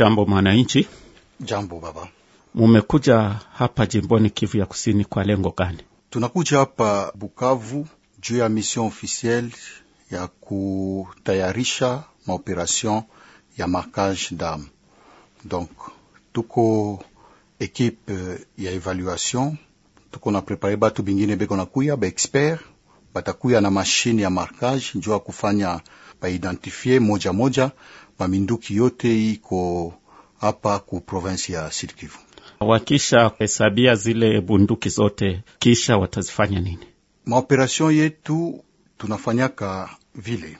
Jambo mwananchi. Jambo baba. Mumekuja hapa jimboni Kivu ya Kusini kwa lengo gani? Tunakuja hapa Bukavu juu ya mission officielle ya kutayarisha maoperation ya markage dam. Donc tuko ekipe ya evaluation, tuko na prepare batu bingine beko nakuya ba expert batakuya na mashine ya marcage juu ya kufanya baidentifie moja moja maminduki yote iko hapa ku province ya Sud Kivu. Wakisha hesabia zile bunduki zote, kisha watazifanya nini? Maoperasion yetu tunafanyaka vile,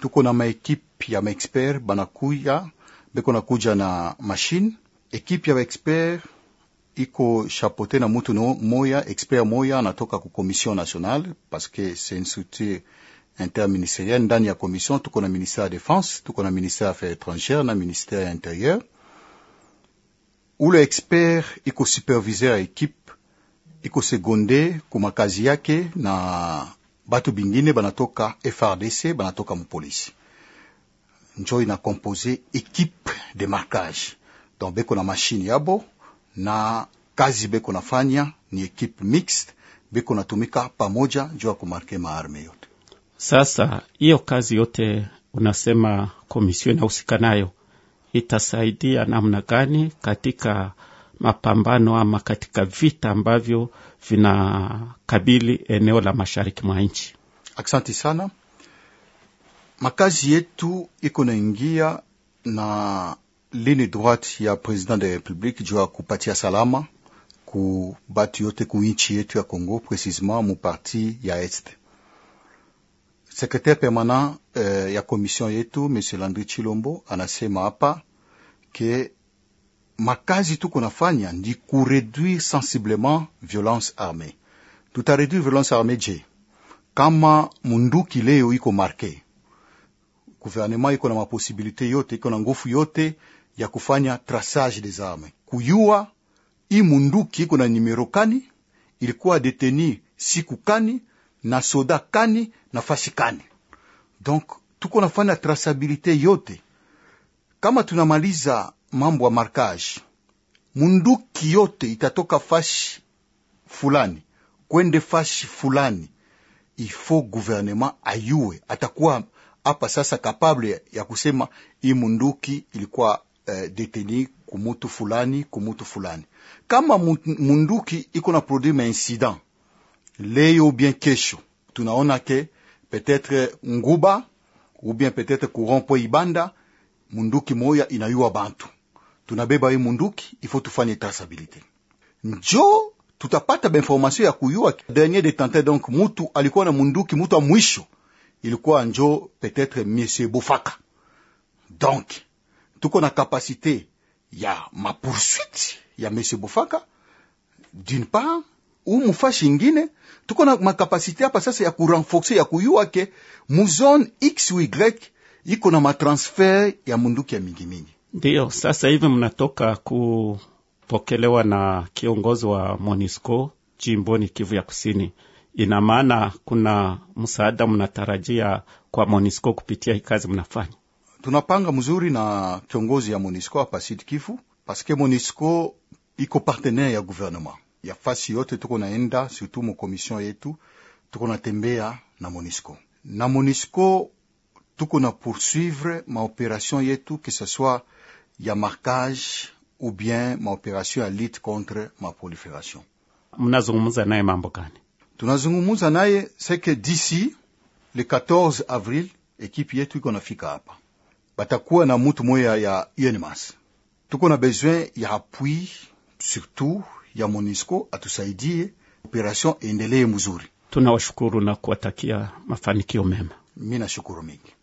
tuko na maekipe ya maexpert banakuya beko nakuja na mashine. Ekipe ya maexpert iko chapote na mutu no moya expert moya anatoka ku Commission Nationale, parceque que c'est une structure interministeriel ndani ya commission tuko na ministère ya défense tuko na ministère ya affaires étrangères na ministère ya intérieur ule expert iko superviseur ya ekipe iko segonde kumakazi yake na batu bingine banatoka FRDC banatoka mupolisi njo ina compose ekipe de marquage donc beko na mashine yabo na kazi beko nafanya ni ekipe mixte beko natumika pamoja juu ya kumarke maarme yote sasa hiyo kazi yote unasema komisio inahusika nayo itasaidia namna gani katika mapambano ama katika vita ambavyo vinakabili eneo la mashariki mwa nchi? Aksanti sana. Makazi yetu iko naingia na lini droite ya president de la republique juu ya kupatia salama ku batu yote ku nchi yetu ya Congo, precisement mu parti ya este Sekretari permanent eh, ya komision yetu m Landry Chilombo anasema hapa ke makazi tuko nafanya ndi kureduire sensiblement violence armée. Tutareduire violence armée je kama munduki leo iko marke, guvernema iko na mapossibilité yote, iko na ngufu yote ya kufanya traçage des armes, kuyua i munduki iko na nimero kani, ilikuwa deteni siku kani na soda kani nafasi kani. Donc tuko nafanya trasabilite yote, kama tunamaliza mambo ya markage, munduki yote itatoka fashi fulani kwende fashi fulani, ifo guvernement ayue atakuwa hapa sasa kapable ya kusema hii munduki ilikuwa uh, eh, deteni kumutu fulani kumutu fulani. Kama munduki iko na produit ma incident leo bien kesho tunaona ke petetre nguba ou bien peut petetre kurompo ibanda munduki moya inayua bantu tunabeba yi munduki ifo tufanye traceability njo tutapata bainformasio ya kuyua dernier detente donc mutu alikuwa na munduki mutu a mwisho ilikuwa njo être monsieur Bofaka. donc tuko na kapasite ya mapursuite ya monsieur Bofaka. d'une part umufashi ingine tuko na makapasite hapa sasa ya kurenforce ya kuyua ke muzone x y iko na matransfer ya munduki ya mingi mingi. Ndiyo sasa hivi mnatoka kupokelewa na kiongozi wa monisco jimboni Kivu ya Kusini. Ina maana kuna msaada mnatarajia kwa monisco kupitia hii kazi mnafanya? Tunapanga mzuri na kiongozi ya monisco hapa Sud Kivu, paske monisco iko partenaire ya gouvernement fasi yote a enda surtout mukomision yetu tuko natembea na Monisco na Monisco tuko a poursuivre maoperation yetu que ce soit ya marquage ou bien opération à lutte contre ma prolifération... Mnazungumuza naye mambo gani? Tunazungumuza naye que d'ici le 14 avril ekipe yetu iko nafika hapa, batakuwa na mutu moya ya UNMAS. Tuko a besoin ya appui surtout ya MONUSCO atusaidie operation iendelee mzuri. Tunawashukuru na kuwatakia mafanikio mema. Mi nashukuru mingi.